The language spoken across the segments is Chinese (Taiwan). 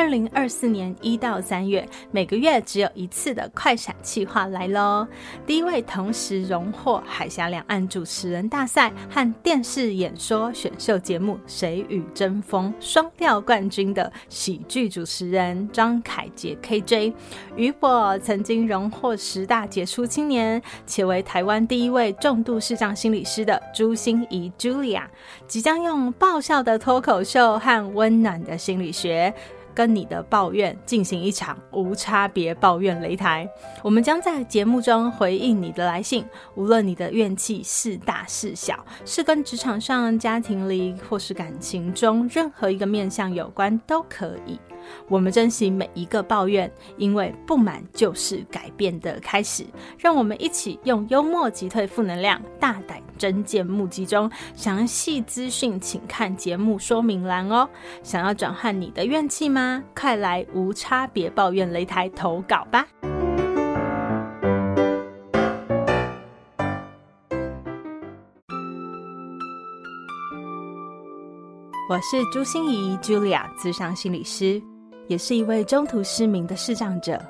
二零二四年一到三月，每個月只有一次的快閃企劃來嘍！第一位同時榮獲海峽兩岸主持人大賽和電視演說選秀節目《誰與爭鋒》雙料冠軍的喜劇主持人張凱杰 （KJ），與我曾經榮獲十大傑出青年，且為台灣第一位重度視障心理師的朱芯儀 （Julia），即將用爆笑的脫口秀和溫暖的心理學。跟你的抱怨進行一場無差別抱怨擂台，我們將在節目中回應你的來信，無論你的怨氣是大是小，是跟職場上、家庭裡，或是感情中任何一個面向有關，都可以。我們珍惜每一個抱怨，因為不滿就是改變的開始。讓我們一起用幽默擊退負能量，大膽真見目擊中。詳細資訊請看節目說明欄哦。想要轉換你的怨氣嗎？快來無差別抱怨擂台投稿吧。我是朱芯儀，Julia，諮商心理師。也是一位中途失明的視障者，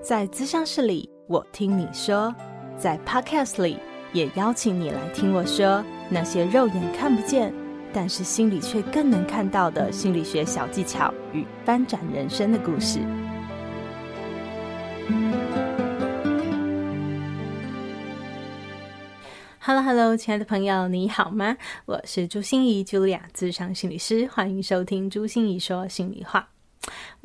在諮商室裡，我聽你說；在 Podcast 裡，也邀請你來聽我說那些肉眼看不見，但是心裡卻更能看到的心理學小技巧與翻轉人生的故事。Hello，Hello， hello, 親愛的朋友，你好嗎？我是朱芯儀，Julia 諮商心理師，歡迎收聽《朱芯儀說心理話》。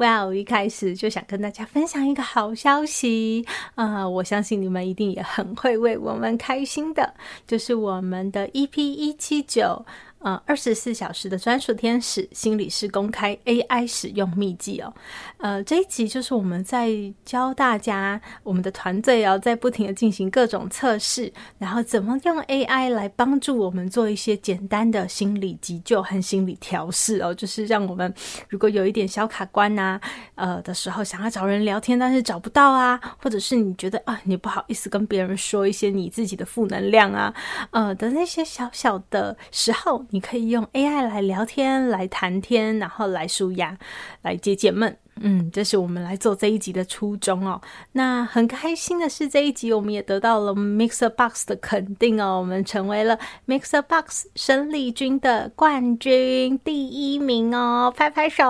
哇！Well, 一開始就想跟大家分享一個好消息，啊、呃，我相信你們一定也很會為我們開心的，就是我們的 EP 一七九。呃，二十四小時的專屬天使心理師公開 AI 使用秘籍哦。呃，這一集就是我們在教大家，我們的團隊哦，在不停的進行各種測試，然後怎麼用 AI 來幫助我們做一些簡單的心理急救和心理調試哦，就是讓我們如果有一點小卡關吶、啊，呃的時候想要找人聊天，但是找不到啊，或者是你覺得啊、呃，你不好意思跟別人說一些你自己的負能量啊，呃的那些小小的時候。你可以用 AI 來聊天，來談天，然後來舒壓，來解解悶。嗯，這是我們來做這一集的初衷哦。那很開心的是，這一集我們也得到了 MixerBox 的肯定哦，我們成為了 MixerBox 生力軍的冠軍第一名哦，拍拍手。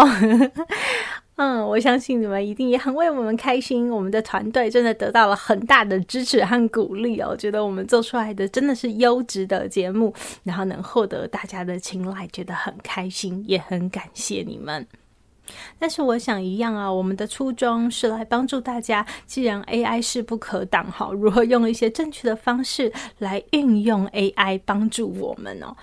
嗯，我相信你們一定也很為我們開心。我們的團隊真的得到了很大的支持和鼓勵哦，覺得我們做出來的真的是優質的節目，然後能獲得大家的青睞，覺得很開心，也很感謝你們。但是我想一樣啊，我們的初衷是來幫助大家。既然 AI 勢不可擋，好，好如何用一些正確的方式來運用 AI 幫助我們呢、哦？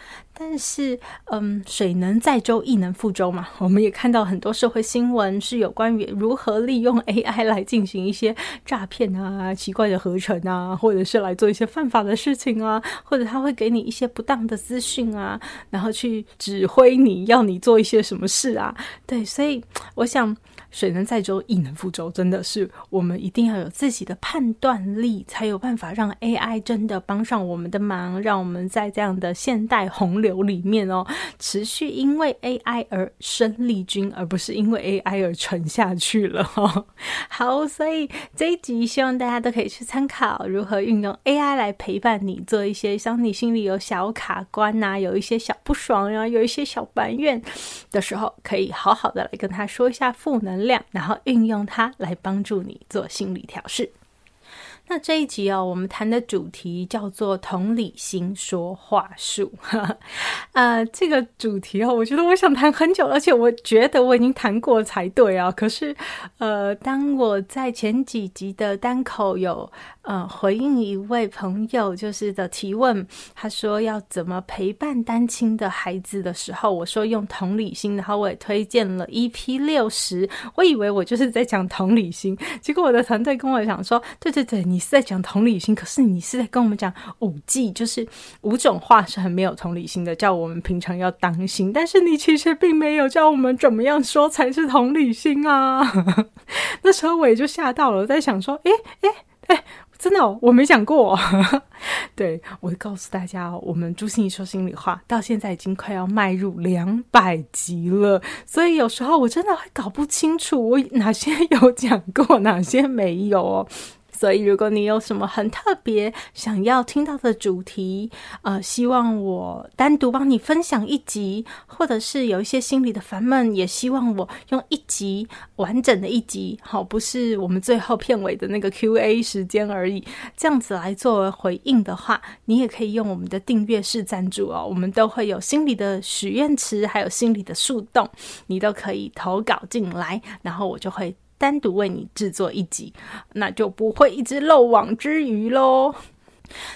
但是，嗯，水能載舟，亦能覆舟嘛。我們也看到很多社會新聞是有關於如何利用 AI 來進行一些詐騙啊、奇怪的合成啊，或者是來做一些犯法的事情啊，或者他會給你一些不當的資訊啊，然後去指揮你要你做一些什麼事啊。對，所以我想。水能載舟，亦能覆舟，真的是我們一定要有自己的判斷力，才有辦法讓 AI 真的幫上我們的忙，讓我們在這樣的現代洪流裡面哦，持續因為 AI 而生力軍，而不是因為 AI 而沉下去了，哦。好，所以這一集希望大家都可以去參考如何運用 AI 來陪伴你做一些，像你心裡有小卡關吶，啊，有一些小不爽啊，有一些小埋怨的時候，可以好好的來跟他說一下賦能力。量，然後運用它，來幫助你做心理調試。那這一集哦，我們談的主題叫做同理心說話術。啊、 呃，這個主題哦，我覺得我想談很久，而且我覺得我已經談過才對啊。可是，呃，當我在前幾集的單口有。呃，回應一位朋友就是的提問，他說要怎麼陪伴單親的孩子的時候，我說用同理心，然後我也推薦了 EP60。我以為我就是在講同理心，結果我的團隊跟我講說，對對對，你是在講同理心，可是你是在跟我們講五忌，就是五種話是很沒有同理心的，叫我們平常要當心。但是你其實並沒有叫我們怎麼樣說才是同理心啊。 那時候我也就嚇到了，在想說，哎哎誒真的、哦，我沒講過、哦。 對，我會告訴大家哦，我們朱芯儀說心裡話，到現在已經快要邁入兩百集了，所以有時候我真的會搞不清楚，我哪些有講過，哪些沒有、哦。所以，如果你有什麼很特別想要聽到的主題，呃，希望我單獨幫你分享一集，或者是有一些心理的煩悶，也希望我用一集完整的一集，好，不是我們最後片尾的那個 Q&A 時間而已，這樣子來作為回應的話，你也可以用我們的訂閱式贊助哦，我們都會有心理的許願池，還有心理的樹洞，你都可以投稿進來，然後我就會。單獨為你製作一集，那就不會一直漏網之魚嘍。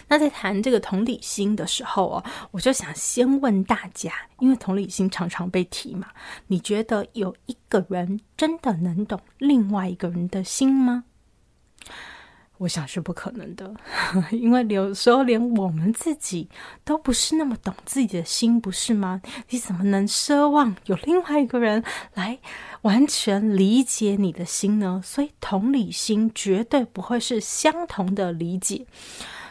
那在談這個同理心的時候哦，我就想先問大家，因為同理心常常被提嘛，你覺得有一個人真的能懂另外一個人的心嗎？我想是不可能的，因為有時候連我們自己都不是那麼懂自己的心，不是嗎？你怎麼能奢望有另外一個人來完全理解你的心呢？所以同理心絕對不會是相同的理解。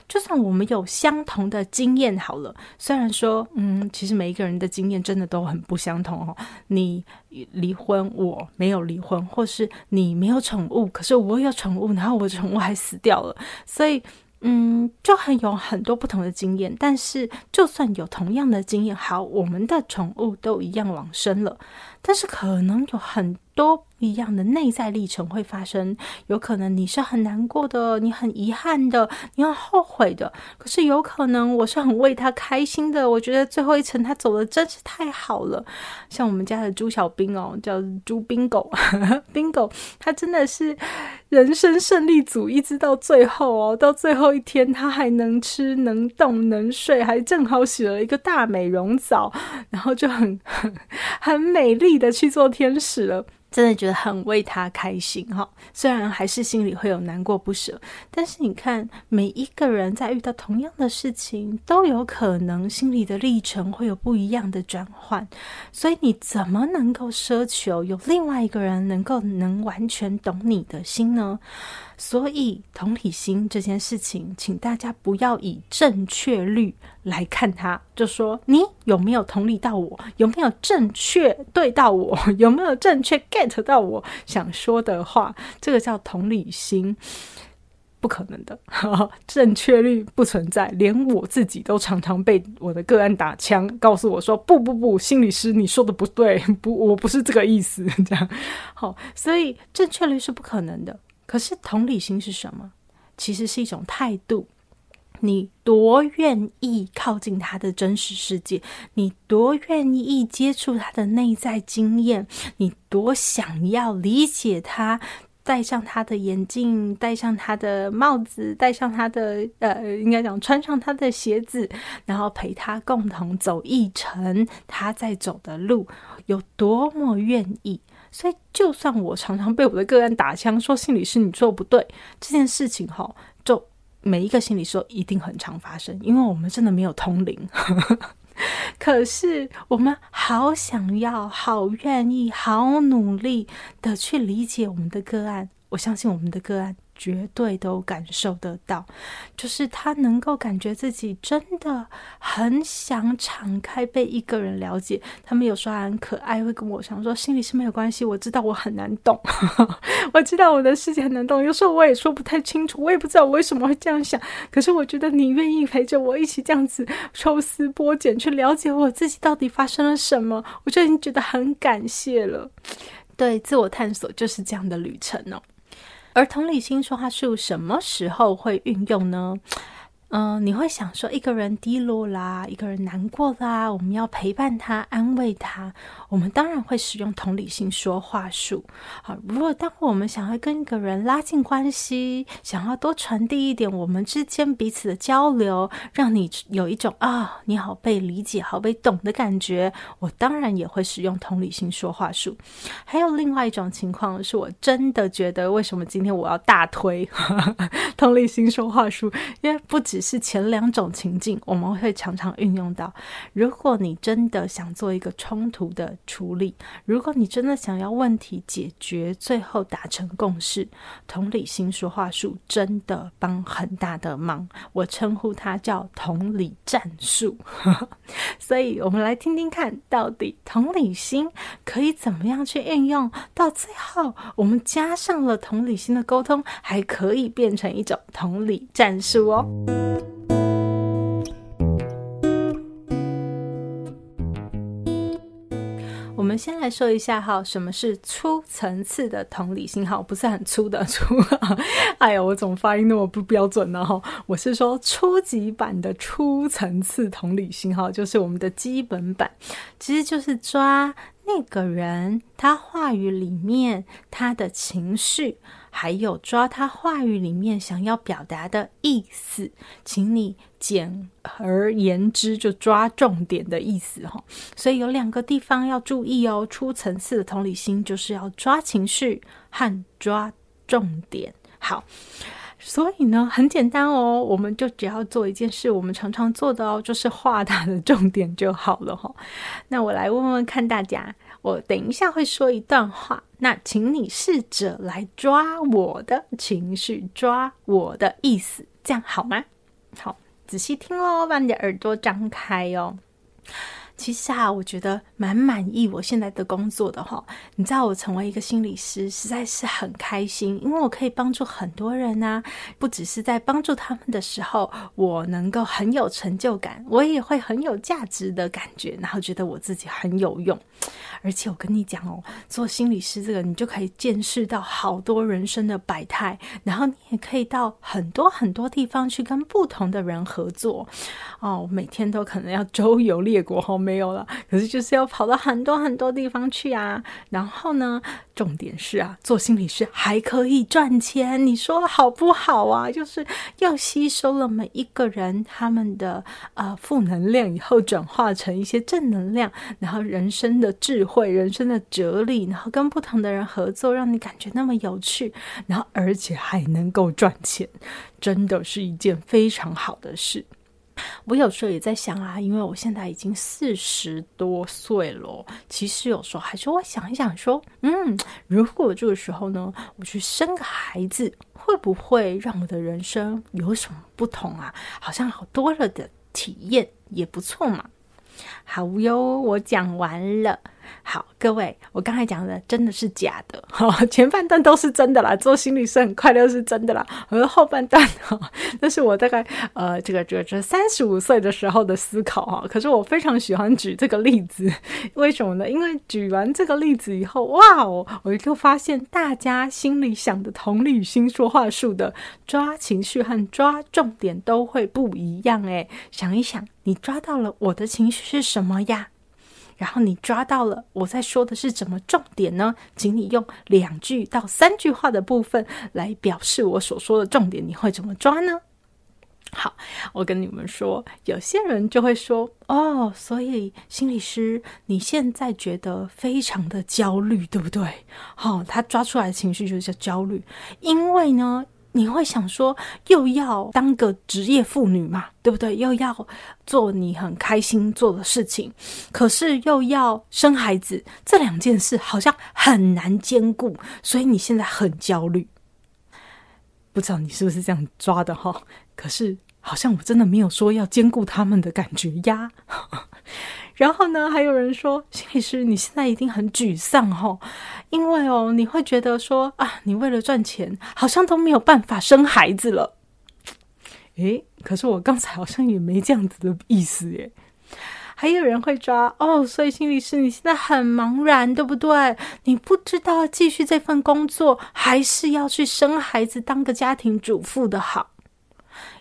就算我們有相同的經驗好了，雖然說，嗯，其實每一個人的經驗真的都很不相同哦。你離婚，我沒有離婚，或是你沒有寵物，可是我有寵物，然後我寵物還死掉了。所以，嗯，就很有很多不同的經驗。但是，就算有同樣的經驗，好，我們的寵物都一樣往生了，但是可能有很多一樣的內在歷程會發生，有可能你是很難過的，你很遺憾的，你很後悔的。可是有可能我是很為他開心的。我覺得最後一程他走的真是太好了，像我們家的朱小兵哦、喔，叫朱 Bingo，Bingo，他真的是人生勝利組，一直到最後哦、喔，到最後一天他還能吃、能動、能睡，還正好洗了一個大美容澡，然後就很很很美麗的去做天使了。真的覺得很為他開心哈，哦，雖然還是心裡會有難過不捨，但是你看，每一個人在遇到同樣的事情，都有可能心裡的歷程會有不一樣的轉換，所以你怎麼能夠奢求有另外一個人能夠能完全懂你的心呢？所以同理心這件事情，請大家不要以正確率。來看他，就說你有沒有同理到我？有沒有正確對到我？有沒有正確 get 到我想說的話？這個叫同理心，不可能的呵呵，正確率不存在。連我自己都常常被我的個案打槍，告訴我說：“不不不，心理師，你說的不對，不，我不是這個意思。”這樣，好，所以正確率是不可能的。可是同理心是什麼？其實是一種態度。你多願意靠近他的真實世界，你多願意接觸他的內在經驗，你多想要理解他，戴上他的眼鏡，戴上他的帽子，戴上他的呃，應該講穿上他的鞋子，然後陪他共同走一程他在走的路，有多麼願意。所以，就算我常常被我的個案打槍，說心理師你做不對這件事情吼，哈。每一個心理師一定很常發生，因為我們真的沒有通靈， 可是我們好想要、好願意、好努力的去理解我們的個案。我相信我們的個案，絕對都感受得到，就是他能夠感覺自己真的很想敞開被一個人了解。他們有時候很可愛，會跟我想說心裡是沒有關係，我知道我很難懂， 我知道我的世界很難懂。有時候我也說不太清楚，我也不知道我為什麼會這樣想。可是我覺得你願意陪着我一起這樣子抽絲剝繭去了解我自己到底發生了什麼，我就已經覺得很感謝了。對，自我探索就是這樣的旅程哦。而同理心說話術什麼時候會運用呢？嗯，你會想說一個人低落啦，一個人難過啦，我們要陪伴他，安慰他。我們當然會使用同理心說話術。好，啊，如果當我們想要跟一個人拉近關係，想要多傳遞一點我們之間彼此的交流，讓你有一種啊你好被理解，好被懂的感覺，我當然也會使用同理心說話術。還有另外一種情況是我真的覺得，為什麼今天我要大推呵呵同理心說話術？因為不止。是前兩種情境，我們會常常運用到。如果你真的想做一個衝突的處理，如果你真的想要問題解決，最後達成共識，同理心說話術真的幫很大的忙。我稱呼它叫同理戰術。 所以，我們來聽聽看，到底同理心可以怎麼樣去運用？到最後，我們加上了同理心的溝通，還可以變成一種同理戰術哦。我們先來說一下哈，什麼是初層次的同理心？哈，不是很粗的粗，哎呀，我怎麼發音那麼不標準呢？哈，我是說初級版的初層次同理心，哈，就是我們的基本版，其實就是抓那個人他話語裡面他的情緒。還有抓他話語裡面想要表達的意思，請你簡而言之就抓重點的意思哈。所以有兩個地方要注意哦，初層次的同理心就是要抓情緒和抓重點。好，所以呢很簡單哦，我們就只要做一件事，我們常常做的哦，就是畫他的重點就好了哈。那我來問問看大家，我等一下會說一段話，那請你試着來抓我的情緒，抓我的意思，這樣好嗎？好，仔細聽哦，把你的耳朵張開哦。其實啊，我覺得蠻滿,滿意我現在的工作的哦，你知道，我成為一個心理師，實在是很開心，因為我可以幫助很多人吶、啊，不只是在幫助他們的時候，我能夠很有成就感，我也會很有價值的感覺，然後覺得我自己很有用。而且我跟你講哦，做心理師這個，你就可以見識到好多人生的百態，然後你也可以到很多很多地方去跟不同的人合作哦。每天都可能要周遊列國哈、哦。沒有了，可是就是要跑到很多很多地方去啊。然後呢，重點是啊，做心理師還可以賺錢，你說了好不好啊？就是要吸收了每一個人他們的呃負能量以後，轉化成一些正能量，然後人生的智慧、人生的哲理，然後跟不同的人合作，讓你感覺那麼有趣，然後而且還能夠賺錢，真的是一件非常好的事。我有時候也在想啊，因為我現在已經四十多歲了，其實有時候還是我想一想說，嗯，如果這個時候呢，我去生個孩子，會不會讓我的人生有什麼不同啊？好像好多了的體驗也不錯嘛。好喲，我講完了。好，各位，我剛才講的真的是假的。哦、前半段都是真的啦，做心理師很快樂是真的啦。而後半段哈、啊，那是我大概呃，這個這個、這三十五歲的時候的思考哈、啊。可是我非常喜歡舉這個例子，為什麼呢？因為舉完這個例子以後，哇哦，我就發現大家心裡想的同理心說話術的抓情緒和抓重點都會不一樣誒，想一想，你抓到了我的情緒是什麼呀？然後你抓到了，我在說的是什麼重點呢？請你用兩句到三句話的部分來表示我所說的重點，你會怎麼抓呢？好，我跟你們說，有些人就會說哦，所以心理師，你現在覺得非常的焦慮，對不對？好、哦，他抓出來的情緒就是焦慮，因為呢。你會想說，又要當個職業婦女嘛，對不對？又要做你很開心做的事情，可是又要生孩子，這兩件事好像很難兼顧，所以你現在很焦慮。不知道你是不是這樣抓的哈？可是好像我真的沒有說要兼顧他們的感覺呀。 然後呢，還有人說，心理師，你現在一定很沮喪吼，哦，因為哦，你會覺得說啊，你為了賺錢，好像都沒有辦法生孩子了。誒，可是我剛才好像也沒這樣子的意思耶。還有人會抓哦，所以心理師，你現在很茫然，對不對？你不知道繼續這份工作，還是要去生孩子當個家庭主婦的好。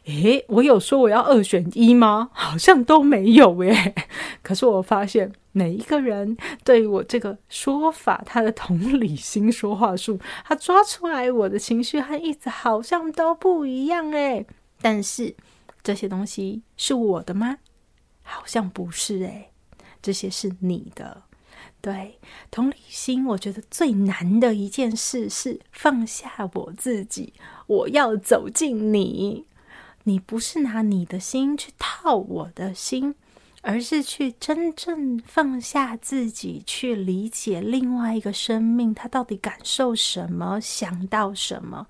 誒，我有說我要二選一嗎？好像都沒有誒，可是我發現每一個人對於我這個說法，他的同理心說話術，他抓出來我的情緒和意思好像都不一樣誒，但是這些東西是我的嗎？好像不是誒，這些是你的。對，同理心，我覺得最難的一件事是放下我自己，我要走進你。你不是拿你的心去套我的心，而是去真正放下自己，去理解另外一個生命他到底感受什麼，想到什麼？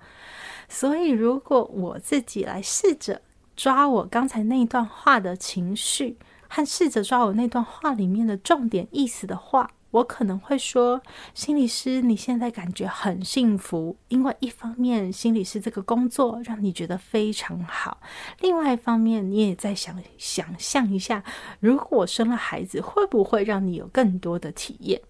所以，如果我自己來試着抓我剛才那段話的情緒，和試着抓我那段話裡面的重點意思的話。我可能會說，心理師，你現在感覺很幸福，因為一方面，心理師這個工作讓你覺得非常好，另外一方面，你也在想，想象一下，如果我生了孩子，會不會讓你有更多的體驗？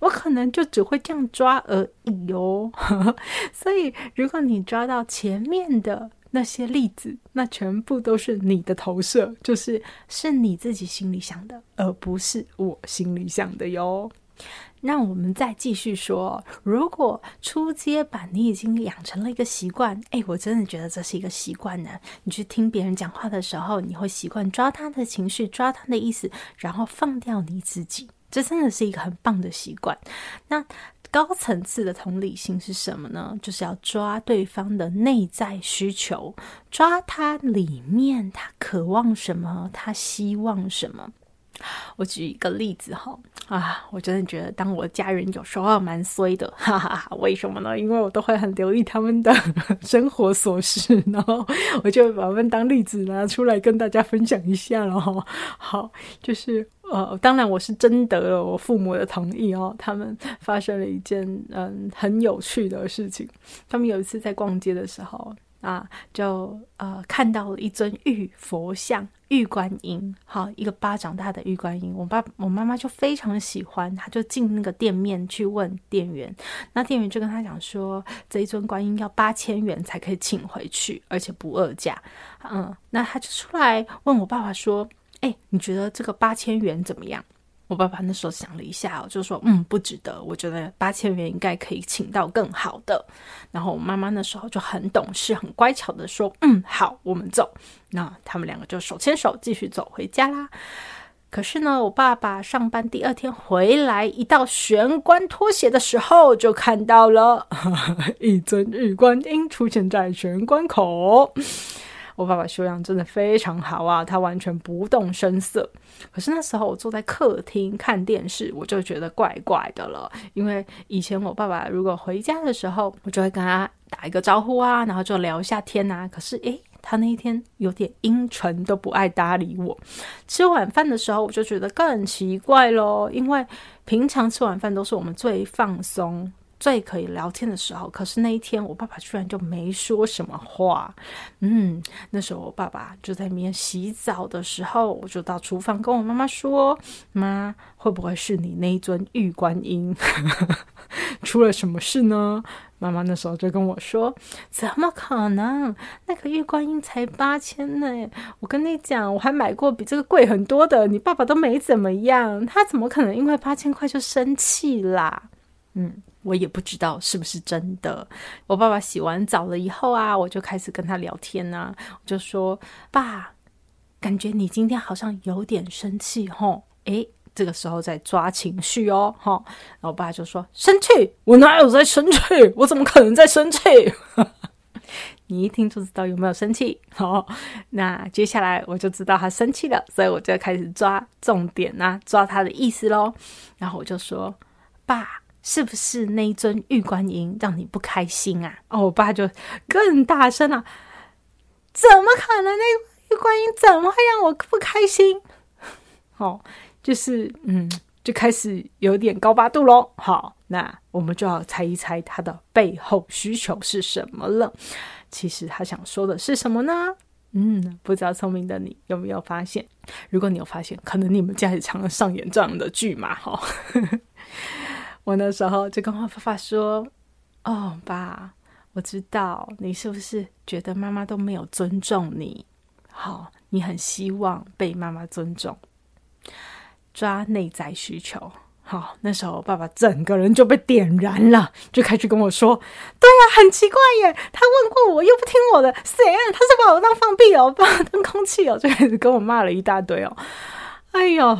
我可能就只會這樣抓而已喲、哦。 所以，如果你抓到前面的，那些例子，那全部都是你的投射，就是是你自己心裡想的，而不是我心裡想的喲。那我們再繼續說，如果初階版你已經養成了一個習慣，哎、欸，我真的覺得這是一個習慣呢。你去聽別人講話的時候，你會習慣抓他的情緒，抓他的意思，然後放掉你自己。這真的是一個很棒的習慣。那高層次的同理心是什麼呢？就是要抓對方的內在需求，抓他裡面他渴望什麼，他希望什麼。我舉一個例子哈啊，我真的覺得當我家人有時候蠻衰的，哈哈哈。為什麼呢？因為我都會很留意他們的 生活瑣事，然後我就把他們當例子拿出來跟大家分享一下然後。好，就是呃，當然我是徵得了我父母的同意哦。他們發生了一件嗯很有趣的事情，他們有一次在逛街的時候啊，就啊、呃，看到了一尊玉佛像。玉觀音，好，一個巴掌大的玉觀音，我爸我媽媽就非常喜歡，她就進那個店面，去問店員，那店員就跟她講說，這一尊觀音要八千元才可以請回去，而且不二價，嗯，那他就出來問我爸爸說，哎、欸，你覺得這個八千元怎麼樣？我爸爸那時候想了一下，就說：“嗯，不值得。我覺得八千元應該可以請到更好的。”然後我媽媽那時候就很懂事、很乖巧的說：“嗯，好，我們走。”那他們兩個就手牽手繼續走回家啦。可是呢，我爸爸上班第二天回來，一到玄關脫鞋的時候，就看到了 一尊玉觀音出現在玄關口。我爸爸修養真的非常好啊，他完全不動聲色。可是那時候我坐在客廳看電視，我就覺得怪怪的了。因為以前我爸爸如果回家的時候，我就會跟他打一個招呼啊，然後就聊一下天吶啊。可是誒，他那一天有點陰沉，都不愛搭理我。吃晚飯的時候，我就覺得更奇怪咯，因為平常吃晚飯都是我們最放鬆。最可以聊天的時候，可是那一天我爸爸居然就沒說什麼話。嗯，那時候我爸爸就在裡面洗澡的時候，我就到廚房跟我媽媽說：“媽，會不會是你那一尊玉觀音出了什麼事呢？”媽媽那時候就跟我說：“怎麼可能？那個玉觀音才八千呢！我跟你講，我還買過比這個貴很多的，你爸爸都沒怎麼樣，他怎麼可能因為八千塊就生氣啦？”嗯。我也不知道是不是真的。我爸爸洗完澡了以後啊，我就開始跟他聊天啊，我就說：“爸，感覺你今天好像有點生氣，吼、哦。”誒，這個時候在抓情緒哦，吼、哦，然後我爸就說：“生氣？我哪有在生氣？我怎麼可能在生氣？” 你一聽就知道有沒有生氣。好、哦，那接下來我就知道他生氣了，所以我就開始抓重點啊，抓他的意思嘍。然後我就說：“爸。”是不是那一尊玉觀音讓你不開心啊？哦，我爸就更大聲了啊。怎麼可能？那玉觀音怎麼會讓我不開心？哦，就是嗯，就開始有點高八度嘍。好，那我們就要猜一猜他的背後需求是什麼了。其實他想說的是什麼呢？嗯，不知道聰明的你有沒有發現？如果你有發現，可能你們家裡常常上演這樣的劇嘛。哈。我那時候就跟我爸爸說：“哦，爸，我知道你是不是覺得媽媽都沒有尊重你？好，你很希望被媽媽尊重，抓內在需求。好，那時候爸爸整個人就被點燃了，就開始跟我說：‘對呀、啊，很奇怪耶！’他問過我，又不聽我的，誰啊？他是把我當放屁哦，把我當空氣哦，就開始跟我罵了一大堆哦。哎呦！”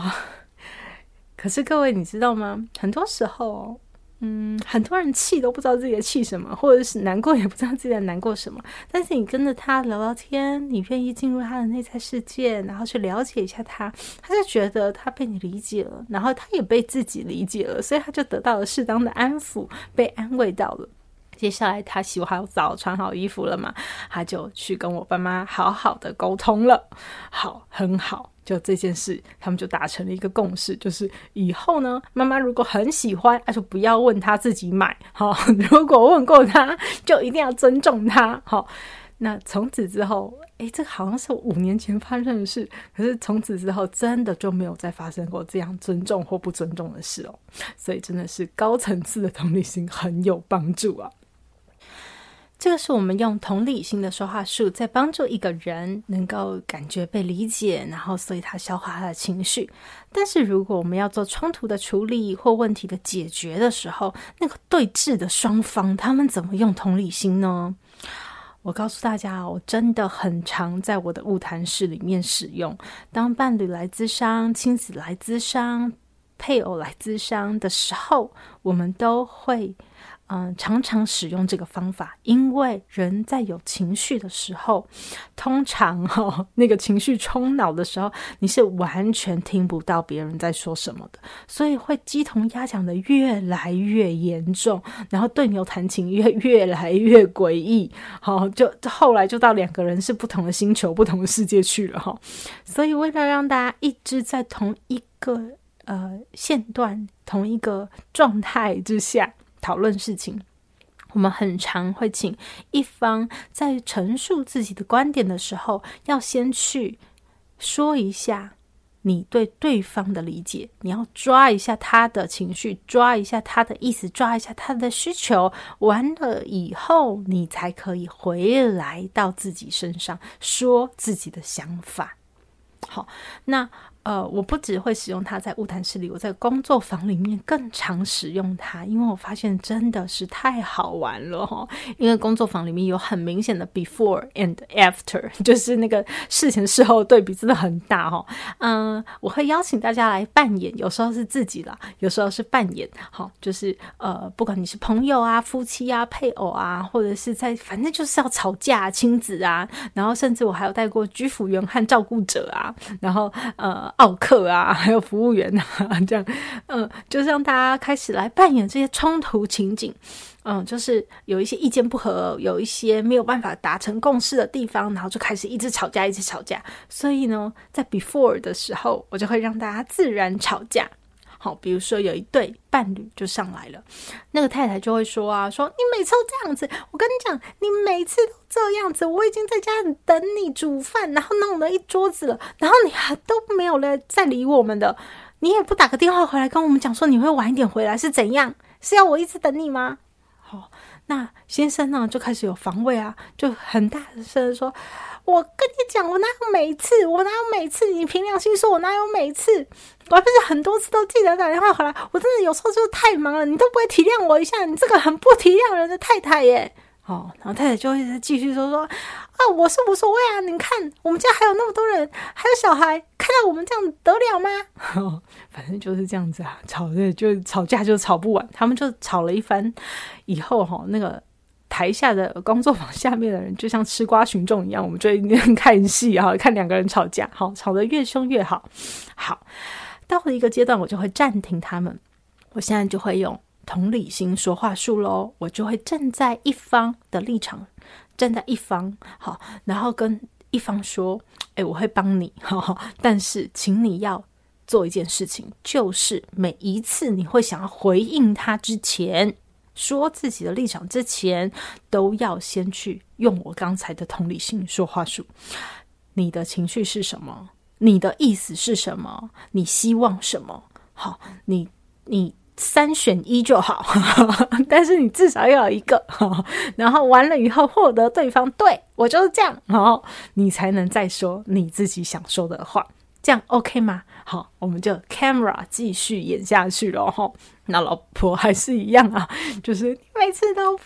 可是各位，你知道嗎？很多時候，嗯，很多人氣都不知道自己氣什麼，或者是難過也不知道自己在難過什麼。但是你跟着他聊聊天，你願意進入他的內在世界，然後去了解一下他，他就覺得他被你理解了，然後他也被自己理解了，所以他就得到了適當的安撫，被安慰到了。接下來他洗好澡、穿好衣服了嘛，他就去跟我爸媽好好的溝通了。好，很好。就這件事，他們就達成了一個共識，就是以後呢，媽媽如果很喜歡，那、啊、就不要問他自己買，好、哦；如果問過他，就一定要尊重他，好、哦。那從此之後，哎、欸，這個好像是五年前發生的事，可是從此之後，真的就沒有再發生過這樣尊重或不尊重的事哦。所以真的是高層次的同理心很有幫助啊。這個是我們用同理心的說話術，在幫助一個人能夠感覺被理解，然後所以他消化他的情緒。但是，如果我們要做衝突的處理或問題的解決的時候，那個對峙的雙方，他們怎麼用同理心呢？我告訴大家，我真的很常在我的晤談室裡面使用。當伴侶來諮商、親子來諮商、配偶來諮商的時候，我們都會。嗯，常常使用這個方法，因為人在有情緒的時候，通常哈、哦、那個情緒衝腦的時候，你是完全聽不到別人在說什麼的，所以會雞同鴨講的越來越嚴重，然後對牛彈琴越越來越詭異，好、哦，就後來就到兩個人是不同的星球、不同的世界去了哈、哦。所以為了讓大家一直在同一個呃線段、同一個狀態之下。討論事情，我們很常會請一方在陳述自己的觀點的時候，要先去說一下你對對方的理解，你要抓一下他的情緒，抓一下他的意思，抓一下他的需求，完了以後，你才可以回來到自己身上說自己的想法。好，那。呃，我不只會使用它在晤談室裡，我在工作坊裡面更常使用它，因為我發現真的是太好玩了哈。因為工作坊裡面有很明顯的 before and after，就是那個事前事後的對比真的很大哈。嗯、呃，我會邀請大家來扮演，有時候是自己啦，有時候是扮演，哈，就是呃，不管你是朋友啊、夫妻啊、配偶啊，或者是在反正就是要吵架、親子啊，然後甚至我還有帶過居服員和照顧者啊，然後呃。奧客啊，還有服務員啊，這樣，嗯，就是讓大家開始來扮演這些衝突情景，嗯，就是有一些意見不合，有一些沒有辦法達成共識的地方，然後就開始一直吵架，一直吵架。所以呢，在 before 的時候，我就會讓大家自然吵架。好，比如說有一對伴侶就上來了，那個太太就會說啊，說你每次都這樣子，我跟你講，你每次都這樣子，我已經在家裡等你煮飯，然後弄了一桌子了，然後你還都沒有來再理我們的，你也不打個電話回來跟我們講說你會晚一點回來是怎樣？是要我一直等你嗎？好，那先生呢、啊、就開始有防衛啊，就很大聲說，我跟你講，我哪有每次，我哪有每次，你憑良心說，我哪有每次。我甚至很多次都記得打電話回來，我真的有時候就是太忙了，你都不會體諒我一下，你這個很不體諒人的太太耶。哦，然後太太就一直繼續說說，啊，我是無所謂啊，你看我們家還有那麼多人，還有小孩，看到我們這樣得了嗎、哦？反正就是這樣子啊，吵的就吵架就吵不完，他們就吵了一番以後哈、哦，那個台下的工作坊下面的人就像吃瓜群眾一樣，我們就一邊看戲哈、哦，看兩個人吵架，好，吵得越兇越好，好。到了一個階段，我就會暫停他們。我現在就會用同理心說話術嘍，我就會站在一方的立場，站在一方，好，然後跟一方說：“哎、欸，我會幫你，呵呵，但是請你要做一件事情，就是每一次你會想要回應他之前，說自己的立場之前，都要先去用我剛才的同理心說話術。你的情緒是什麼？”你的意思是什麼？你希望什麼？好，你你三選一就好，呵呵，但是你至少要有一個，然後完了以後獲得對方，對，我就是這樣，然後你才能再說你自己想說的話。這樣 OK 嗎？好，我們就 camera 繼續演下去了。哈，那老婆還是一樣啊，就是你每次都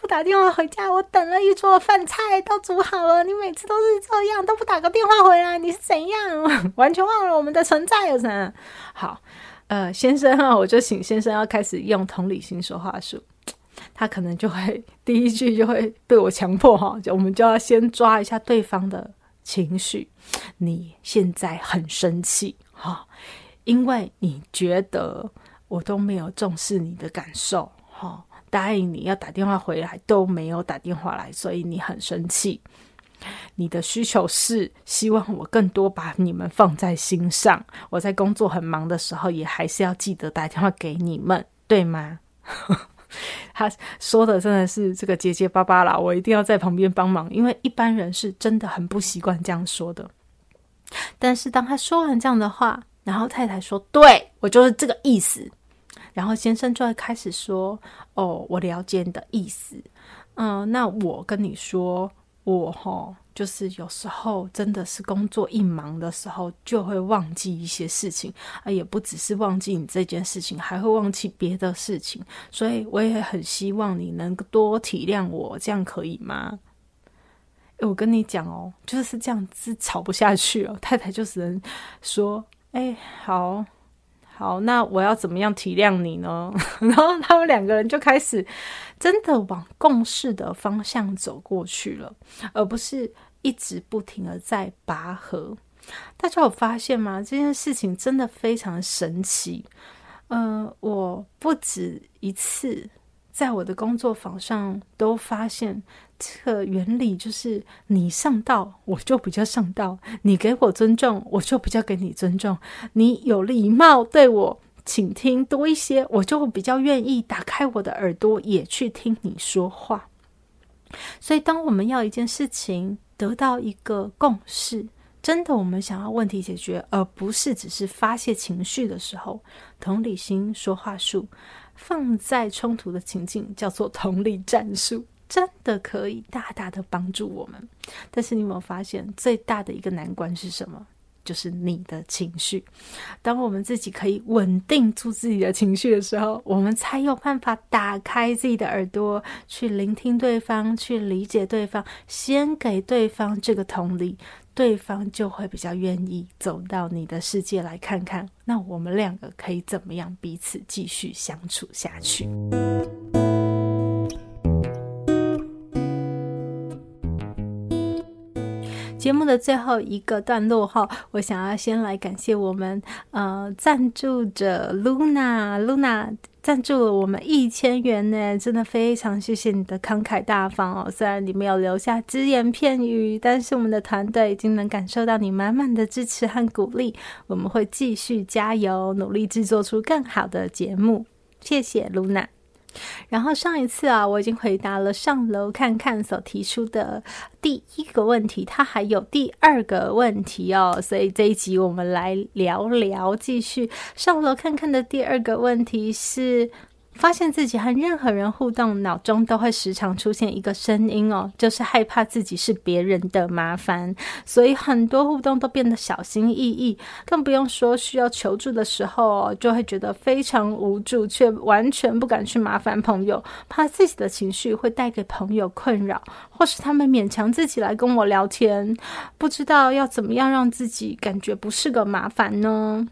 不打電話回家，我等了一桌飯菜都煮好了，你每次都是這樣，都不打個電話回來，你是怎樣？完全忘了我們的存在有什麼？好，呃，先生啊，我就請先生要開始用同理心說話術，他可能就會第一句就會被我強迫哈、啊，就我們就要先抓一下對方的。情緒，你現在很生氣哈、哦，因為你覺得我都沒有重視你的感受哈、哦，答應你要打電話回來都沒有打電話來，所以你很生氣。你的需求是希望我更多把你們放在心上，我在工作很忙的時候也還是要記得打電話給你們，對嗎？ 他說的真的是這個結結巴巴啦，我一定要在旁邊幫忙，因為一般人是真的很不習慣這樣說的。但是當他說完這樣的話，然後太太說：“對，我就是這個意思。”然後先生就會開始說：“哦，我了解你的意思。嗯、呃，那我跟你說，我吼。”就是有時候真的是工作一忙的時候，就會忘記一些事情啊，也不只是忘記你這件事情，還會忘記別的事情。所以我也很希望你能多體諒我，這樣可以嗎？哎，我跟你講哦，就是這樣子吵不下去哦。太太就只能說：“哎，好好，那我要怎麼樣體諒你呢？”然後他們兩個人就開始。真的往共事的方向走過去了，而不是一直不停的在拔河。大家有發現嗎？這件事情真的非常神奇。呃，我不止一次在我的工作坊上都發現，這個原理就是你上道，我就比較上道；你給我尊重，我就比較給你尊重；你有禮貌對我。請聽多一些，我就會比較願意打開我的耳朵，也去聽你說話。所以，當我們要一件事情得到一個共識，真的我們想要問題解決，而不是只是發洩情緒的時候，同理心說話術放在衝突的情境，叫做同理戰術，真的可以大大的幫助我們。但是，你有沒有發現最大的一個難關是什麼？就是你的情緒。當我們自己可以穩定住自己的情緒的時候，我們才有辦法打開自己的耳朵，去聆聽對方，去理解對方。先給對方這個同理，對方就會比較願意走到你的世界來看看。那我們兩個可以怎麼樣彼此繼續相處下去？節目的最後一個段落後，我想要先來感謝我們呃贊助者 Luna，Luna 贊助了我們一千元呢，真的非常謝謝你的慷慨大方哦。雖然你沒有留下只言片語，但是我們的團隊已經能感受到你滿滿的支持和鼓勵。我們會繼續加油，努力製作出更好的節目。謝謝 Luna。然後上一次啊，我已經回答了上樓看看所提出的第一個問題，他還有第二個問題哦，所以這一集我們來聊聊，繼續上樓看看的第二個問題是。發現自己和任何人互動，腦中都會時常出現一個聲音哦，就是害怕自己是別人的麻煩，所以很多互動都變得小心翼翼。更不用說需要求助的時候哦，就會覺得非常無助，卻完全不敢去麻煩朋友，怕自己的情緒會帶給朋友困擾，或是他們勉強自己來跟我聊天，不知道要怎麼樣讓自己感覺不是個麻煩呢？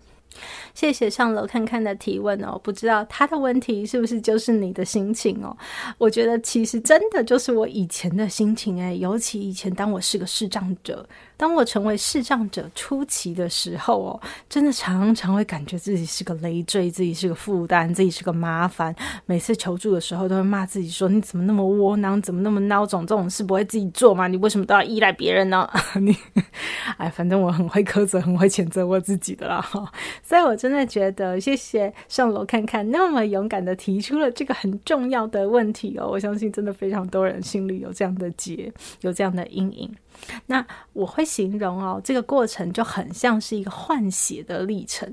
謝謝上樓看看的提問哦，不知道他的問題是不是就是你的心情哦？我覺得其實真的就是我以前的心情誒、欸，尤其以前當我是個視障者，當我成為視障者初期的時候哦，真的常常會感覺自己是個累贅，自己是個負擔，自己是個麻煩。每次求助的時候，都會罵自己說：“你怎麼那麼窩囊？怎麼那麼孬種？這種事不會自己做嗎？你為什麼都要依賴別人呢？”你， 哎，反正我很會苛責，很會譴責我自己的啦。 所以我就。真的覺得，謝謝上樓看看，那麼勇敢的提出了這個很重要的問題哦。我相信，真的非常多人心裡有這樣的結，有這樣的陰影。那我會形容哦，這個過程就很像是一個換血的歷程。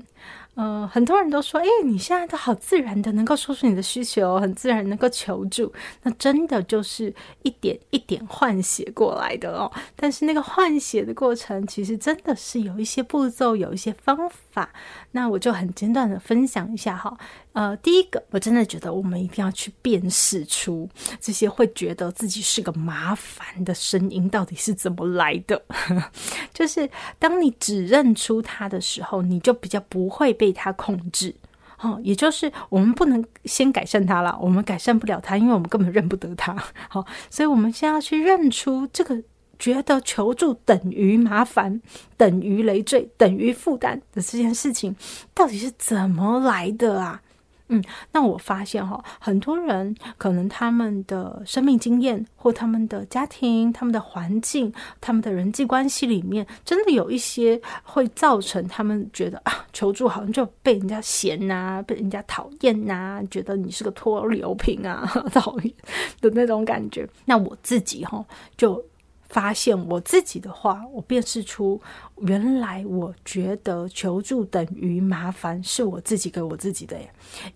呃，很多人都說，哎、欸，你現在都好自然的，能夠說出你的需求，哦，很自然能夠求助，那真的就是一點一點換血過來的哦。但是那個換血的過程，其實真的是有一些步驟，有一些方法。那我就很簡短的分享一下哈。呃，第一個，我真的覺得我們一定要去辨識出這些會覺得自己是個麻煩的聲音到底是怎麼來的。 就是當你只認出它的時候，你就比較不會被它控制。哦，也就是我們不能先改善它了，我們改善不了它，因為我們根本認不得它。好，所以我們先要去認出這個覺得求助等於麻煩，等於累贅，等於負擔的這件事情到底是怎麼來的啊？嗯，那我發現哈，很多人可能他們的生命經驗，或他們的家庭、他們的環境、他們的人際關係裡面，真的有一些會造成他們覺得啊，求助好像就被人家嫌吶、啊，被人家討厭吶，覺得你是個拖油瓶啊，討厭的那種感覺。那我自己哈就。發現我自己的話，我辨識出原來我覺得求助等於麻煩，是我自己給我自己的耶。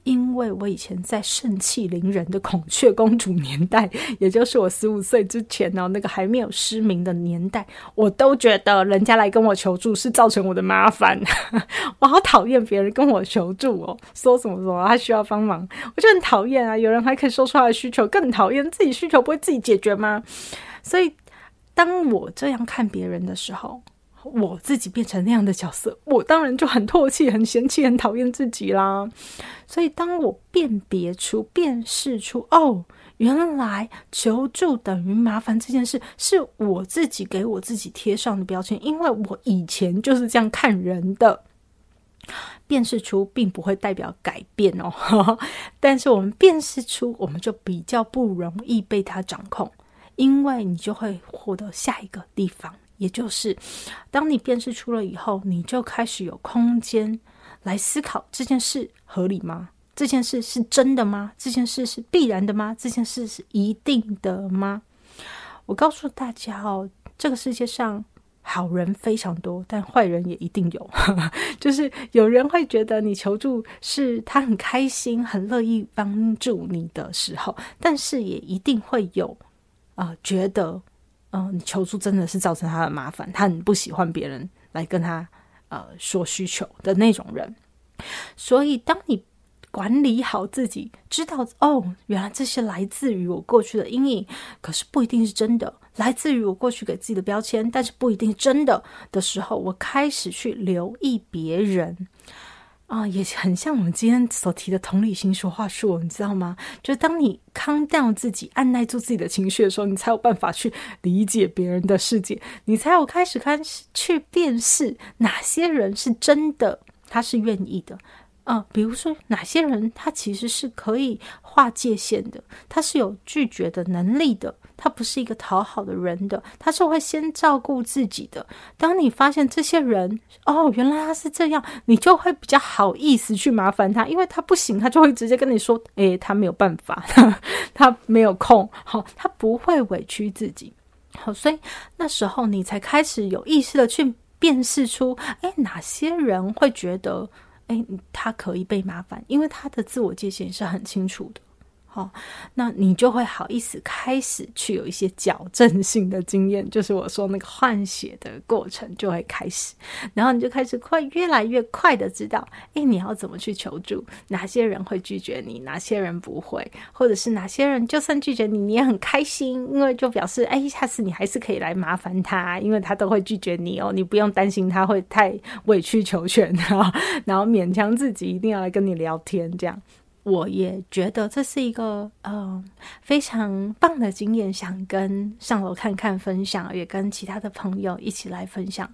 因為我以前在盛氣凌人的孔雀公主年代，也就是我十五歲之前哦，那個還沒有失明的年代，我都覺得人家來跟我求助是造成我的麻煩。 我好討厭別人跟我求助哦，說什麼什麼他需要幫忙，我就很討厭啊。有人還可以說出他的需求，更討厭自己需求不會自己解決嗎？所以。當我這樣看別人的時候，我自己變成那樣的角色，我當然就很唾棄、很嫌棄、很討厭自己啦。所以，當我辨別出、辨識出，哦，原來求助等於麻煩這件事，是我自己給我自己貼上的標籤，因為我以前就是這樣看人的。辨識出並不會代表改變哦，呵呵，但是我們辨識出，我們就比較不容易被它掌控。因為你就會獲得下一個地方，也就是當你辨識出了以後，你就開始有空間來思考，這件事合理嗎？這件事是真的嗎？這件事是必然的嗎？這件事是一定的嗎？我告訴大家哦，這個世界上好人非常多，但壞人也一定有。 就是有人會覺得你求助是他很開心、很樂意幫助你的時候，但是也一定會有，呃，覺得，嗯、呃，你求助真的是造成他的麻煩，他很不喜歡別人來跟他，呃，說需求的那種人。所以，當你管理好自己，知道哦，原來這些來自於我過去的陰影，可是不一定是真的，來自於我過去給自己的標籤，但是不一定是真的的時候，我開始去留意別人。啊、哦，也很像我們今天所提的同理心說話術，你知道嗎？就是當你 calm down 自己，按耐住自己的情緒的時候，你才有辦法去理解別人的世界。你才有開始看去辨識哪些人是真的，他是願意的啊、呃。比如說，哪些人他其實是可以劃界限的，他是有拒絕的能力的。他不是一個討好的人的，他是會先照顧自己的。當你發現這些人哦，原來他是這樣，你就會比較好意思去麻煩他，因為他不行，他就會直接跟你說：“誒，他沒有辦法，他，他沒有空。”好，他不會委屈自己。好，所以那時候你才開始有意識的去辨識出，誒，哪些人會覺得，誒，他可以被麻煩，因為他的自我界限是很清楚的。哦，那你就會好意思開始去有一些矯正性的經驗，就是我說那個換血的過程就會開始，然後你就開始快越來越快的知道，哎，你要怎麼去求助，哪些人會拒絕你，哪些人不會，或者是哪些人就算拒絕你，你也很開心，因為就表示哎，下次你還是可以來麻煩他，因為他都會拒絕你哦，你不用擔心他會太委曲求全，然後，然後勉強自己一定要來跟你聊天這樣。我也覺得這是一個呃非常棒的經驗，想跟上樓看看分享，也跟其他的朋友一起來分享。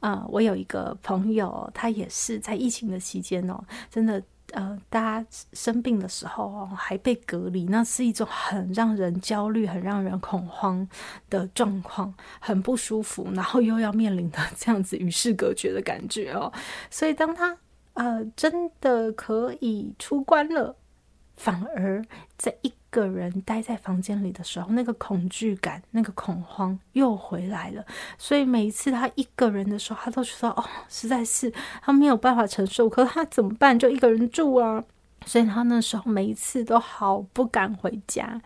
啊、呃，我有一個朋友，他也是在疫情的期間哦，真的呃，大家生病的時候哦，還被隔離，那是一種很讓人焦慮、很讓人恐慌的狀況，很不舒服，然後又要面臨的這樣子與世隔絕的感覺哦。所以當他呃真的可以出關了。反而，在一個人待在房間裡的時候，那個恐懼感、那個恐慌又回來了。所以每一次他一個人的時候，他都覺得哦，實在是他沒有辦法承受。可是他怎麼辦？就一個人住啊。所以他那時候每一次都好不敢回家。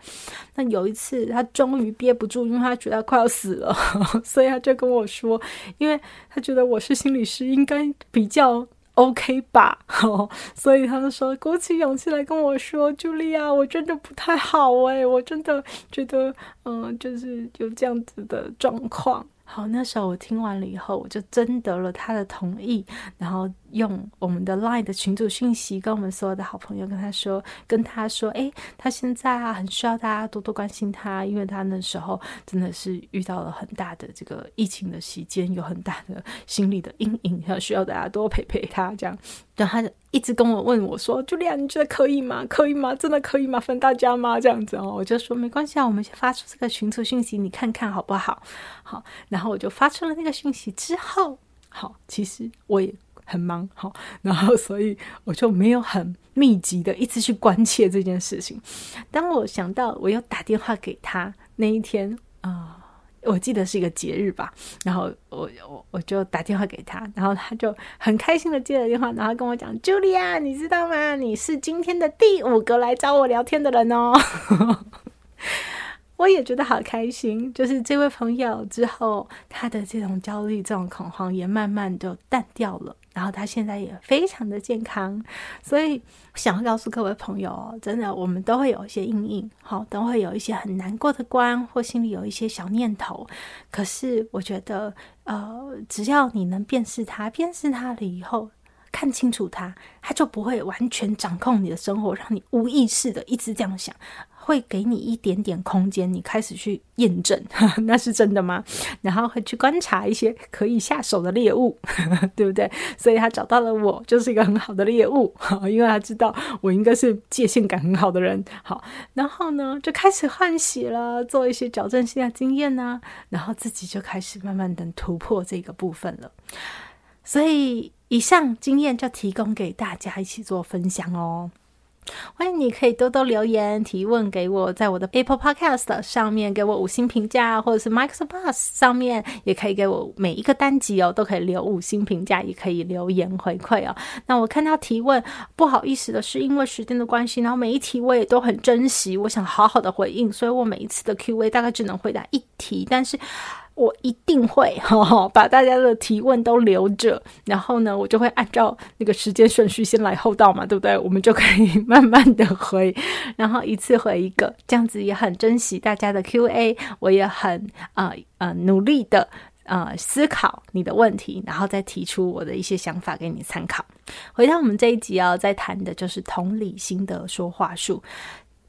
那有一次他終於憋不住，因為他覺得他快要死了， 所以他就跟我說，因為他覺得我是心理師，應該比較。OK 吧呵呵，所以他們說，鼓起勇氣來跟我說，茱莉亞，我真的不太好誒、欸，我真的覺得，嗯、呃，就是有這樣子的狀況。好，那時候我聽完了以後，我就徵得了他的同意，然後。用我們的 Line 的群組訊息跟我們所有的好朋友跟他說，跟他說，哎、欸，他現在啊很需要大家多多關心他，因為他那時候真的是遇到了很大的這個疫情的期間，有很大的心理的陰影，還需要大家多陪陪他這樣。然後他就一直跟我問我說：“Julia，你覺得可以嗎？可以嗎？真的可以嗎？麻煩大家嗎？”這樣子哦，我就說沒關係啊，我們先發出這個群組訊息，你看看好不好？好，然後我就發出了那個訊息之後，好，其實我也。很忙，好，然後所以我就沒有很密集的一直去關切這件事情。當我想到我要打電話給他那一天啊、呃，我記得是一個節日吧，然後我我我就打電話給他，然後他就很開心的接了電話，然後跟我講：“Julia，你知道嗎？你是今天的第五個來找我聊天的人哦。 ”我也覺得好開心。就是這位朋友之後，他的這種焦慮、這種恐慌也慢慢就淡掉了。然後他現在也非常的健康，所以想要告訴各位朋友，真的，我們都會有一些陰影，好，都會有一些很難過的關，或心裡有一些小念頭。可是我覺得，呃，只要你能辨識他，辨識他了以後，看清楚他，他就不會完全掌控你的生活，讓你無意識的一直這樣想。會給你一點點空間，你開始去驗證，呵呵，那是真的嗎？然後會去觀察一些可以下手的獵物呵呵，對不對？所以他找到了我，就是一個很好的獵物，因為他知道我應該是界限感很好的人。好，然後呢，就開始換洗了，做一些矯正性的經驗呢、啊，然後自己就開始慢慢的突破這個部分了。所以以上經驗就提供給大家一起做分享哦。歡迎你可以多多留言提問給我，在我的 Apple Podcast 上面給我五星評價，或者是 MixerBox 上面也可以給我每一個單集哦，都可以留五星評價，也可以留言回饋哦。那我看到提問，不好意思的是因為時間的關係，然後每一題我也都很珍惜，我想好好的回應，所以我每一次的 Q&A 大概只能回答一題，但是。我一定會，齁齁，把大家的提問都留着，然後呢，我就會按照那個時間順序，先來後到嘛，對不對？我們就可以慢慢的回，然後一次回一個，這樣子也很珍惜大家的 Q&A，我也很啊呃、呃努力的啊、呃、思考你的問題，然後再提出我的一些想法給你參考。回到我們這一集要、啊、再談的就是同理心的說話術。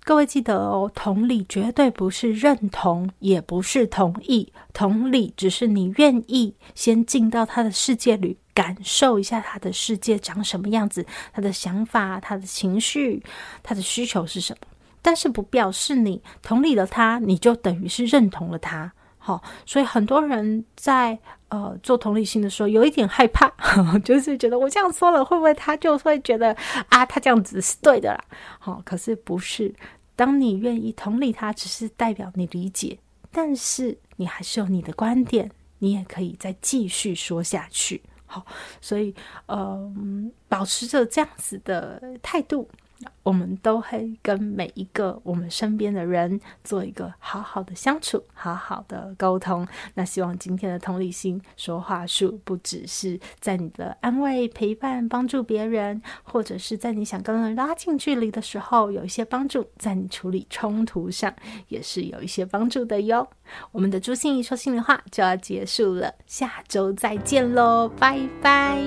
各位記得哦，同理絕對不是認同，也不是同意，同理只是你願意先進到他的世界裡，感受一下他的世界長什麼樣子，他的想法、他的情緒、他的需求是什麼。但是不表示你同理了他，你就等於是認同了他。好，所以很多人在呃做同理心的時候，有一點害怕呵呵，就是覺得我這樣說了，會不會他就會覺得啊，他這樣子是對的啦？好，可是不是。當你願意同理他，只是代表你理解，但是你還是有你的觀點，你也可以再繼續說下去。好，所以，嗯，保持着這樣子的態度。我們都會跟每一個我們身邊的人做一個好好的相處，好好的溝通。那希望今天的同理心說話術，不只是在你的安慰、陪伴、幫助別人，或者是在你想跟人拉近距離的時候有一些幫助，在你處理衝突上也是有一些幫助的喲。我們的朱芯儀說心理話就要結束了，下周再見嘍，拜拜。